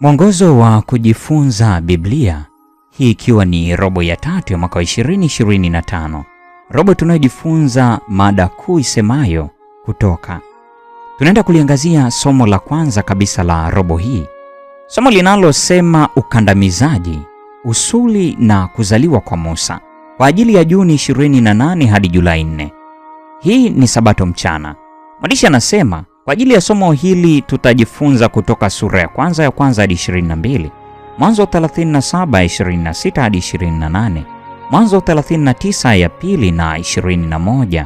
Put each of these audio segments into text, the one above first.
Mwongozo wa kujifunza Biblia, hii ikiwa ni robo ya tatu ya mwaka wa 2025, robo tunayojifunza mada kuu isemayo Kutoka. Tunaenda kuliangazia somo la kwanza kabisa la robo hii, somo linalosema ukandamizaji, usuli na kuzaliwa kwa Musa, kwa ajili ya Juni 28 hadi Julai 4. Hii ni Sabato mchana. Mwandishi anasema kwa ajili ya somo hili tutajifunza kutoka sura ya kwanza ya kwanza hadi 22, Mwanzo 37, 26 hadi 28, Mwanzo 39 ya pili na 21,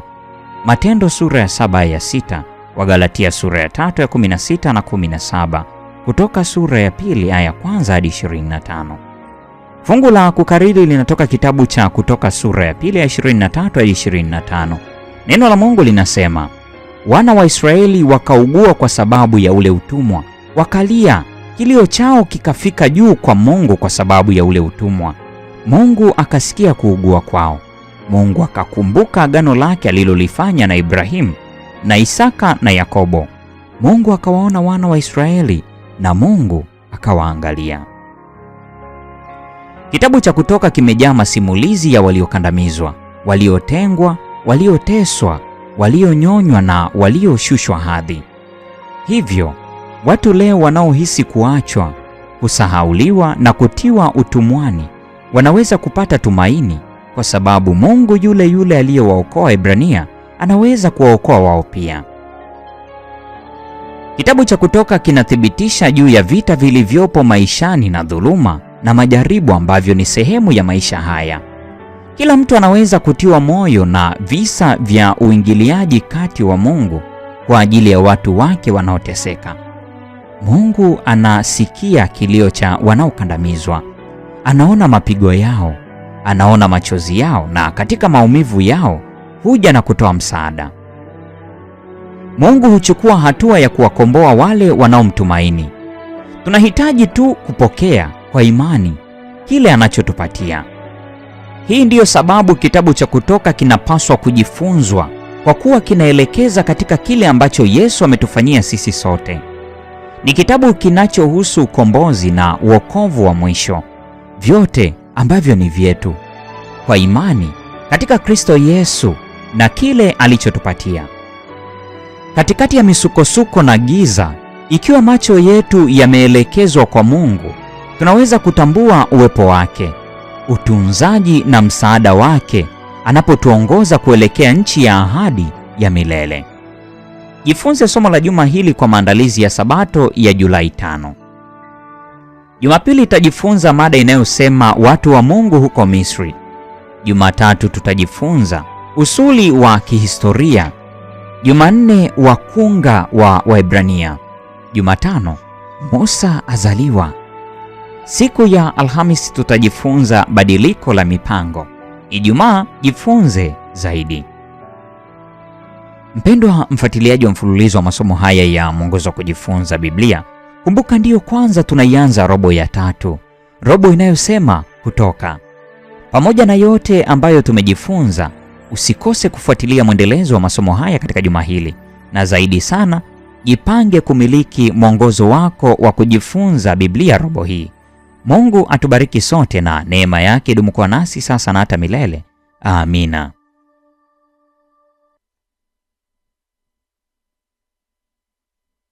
Matendo sura ya 7 ya 6, Wagalatia sura ya 3 ya 16 na 17, Kutoka sura ya pili aya kwanza hadi 25. Fungu la kukariri linatoka kitabu cha Kutoka sura ya pili ya 23 hadi 25. Neno la Mungu linasema Wana wa Israeli wakaugua kwa sababu ya ule utumwa, wakalia, kilio chao kikafika juu kwa Mungu kwa sababu ya ule utumwa. Mungu akasikia kuugua kwao. Mungu akakumbuka agano lake alilolifanya na Ibrahimu na Isaka na Yakobo. Mungu akawaona wana wa Israeli na Mungu akawaangalia. Kitabu cha Kutoka kimejaa masimulizi ya waliokandamizwa, waliotengwa, walioteswa walionyonywa na walioshushwa hadhi. Hivyo watu leo wanaohisi kuachwa, kusahauliwa na kutiwa utumwani wanaweza kupata tumaini kwa sababu Mungu yule yule aliyewaokoa Ibrania anaweza kuwaokoa wao pia. Kitabu cha Kutoka kinathibitisha juu ya vita vilivyopo maishani na dhuluma na majaribu ambavyo ni sehemu ya maisha haya. Kila mtu anaweza kutiwa moyo na visa vya uingiliaji kati wa Mungu kwa ajili ya watu wake wanaoteseka. Mungu anasikia kilio cha wanaokandamizwa, anaona mapigo yao, anaona machozi yao, na katika maumivu yao huja na kutoa msaada. Mungu huchukua hatua ya kuwakomboa wale wanaomtumaini. Tunahitaji tu kupokea kwa imani kile anachotupatia. Hii ndiyo sababu kitabu cha Kutoka kinapaswa kujifunzwa kwa kuwa kinaelekeza katika kile ambacho Yesu ametufanyia sisi sote. Ni kitabu kinachohusu ukombozi na uokovu wa mwisho, vyote ambavyo ni vyetu kwa imani katika Kristo Yesu na kile alichotupatia. Katikati ya misukosuko na giza, ikiwa macho yetu yameelekezwa kwa Mungu, tunaweza kutambua uwepo wake utunzaji na msaada wake anapotuongoza kuelekea nchi ya ahadi ya milele. Jifunze somo la juma hili kwa maandalizi ya Sabato ya Julai tano. Jumapili itajifunza mada inayosema watu wa Mungu huko Misri. Jumatatu tutajifunza usuli wa kihistoria. Jumanne wakunga wa Waebrania. Jumatano Musa azaliwa. Siku ya Alhamis tutajifunza badiliko la mipango. Ijumaa jifunze zaidi. Mpendwa mfuatiliaji wa mfululizo wa masomo haya ya mwongozo wa kujifunza Biblia, kumbuka ndiyo kwanza tunaianza robo ya tatu, robo inayosema Kutoka. Pamoja na yote ambayo tumejifunza, usikose kufuatilia mwendelezo wa masomo haya katika juma hili, na zaidi sana jipange kumiliki mwongozo wako wa kujifunza Biblia robo hii. Mungu atubariki sote na neema yake idumu kwa nasi sasa na hata milele. Amina.